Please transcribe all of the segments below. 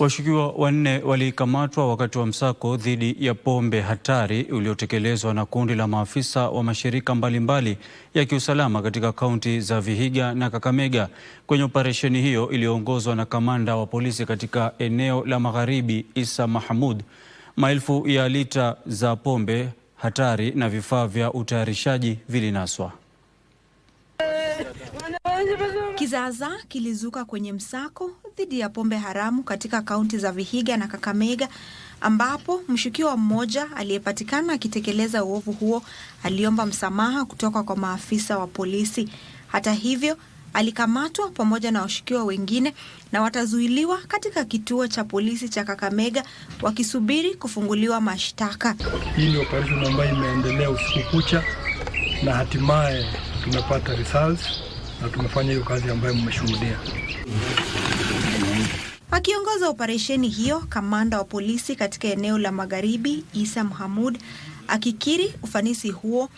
Washukiwa wanne walikamatwa wakati wa msako dhidi ya pombe hatari uliotekelezwa na kundi la maafisa wa mashirika mbalimbali ya kiusalama katika kaunti za Vihiga na Kakamega. Kwenye operesheni hiyo iliyoongozwa na kamanda wa polisi katika eneo la Magharibi, Isa mahmud maelfu ya lita za pombe hatari na vifaa vya utayarishaji vilinaswa. Kizaazaa kilizuka kwenye msako dhidi ya pombe haramu katika kaunti za Vihiga na Kakamega ambapo mshukiwa mmoja aliyepatikana akitekeleza uovu huo aliomba msamaha kutoka kwa maafisa wa polisi. Hata hivyo, alikamatwa pamoja na washukiwa wengine na watazuiliwa katika kituo cha polisi cha Kakamega wakisubiri kufunguliwa mashtaka. Hii ni operesheni ambayo imeendelea usiku kucha na hatimaye tumepata results na tumefanya hiyo kazi ambayo mmeshuhudia. Akiongoza operesheni hiyo, kamanda wa polisi katika eneo la magharibi Isa mhamud akikiri ufanisi huo,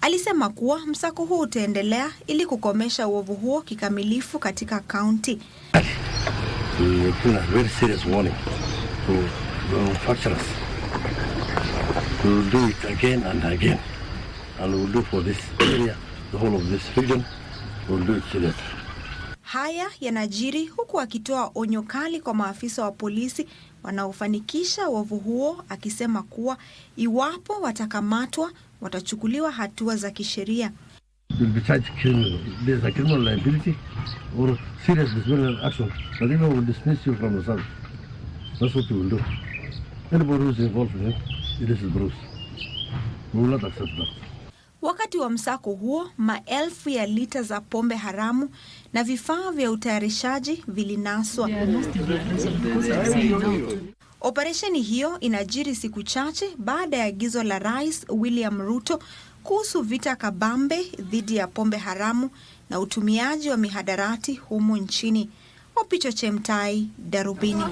alisema kuwa msako huo utaendelea ili kukomesha uovu huo kikamilifu katika kaunti. Haya yanajiri huku akitoa onyo kali kwa maafisa wa polisi wanaofanikisha wavu huo, akisema kuwa iwapo watakamatwa watachukuliwa hatua za kisheria. Wakati wa msako huo, maelfu ya lita za pombe haramu na vifaa vya utayarishaji vilinaswa. Operesheni hiyo inajiri siku chache baada ya agizo la Rais William Ruto kuhusu vita kabambe dhidi ya pombe haramu na utumiaji wa mihadarati humu nchini. Opicho Chemtai, Darubini.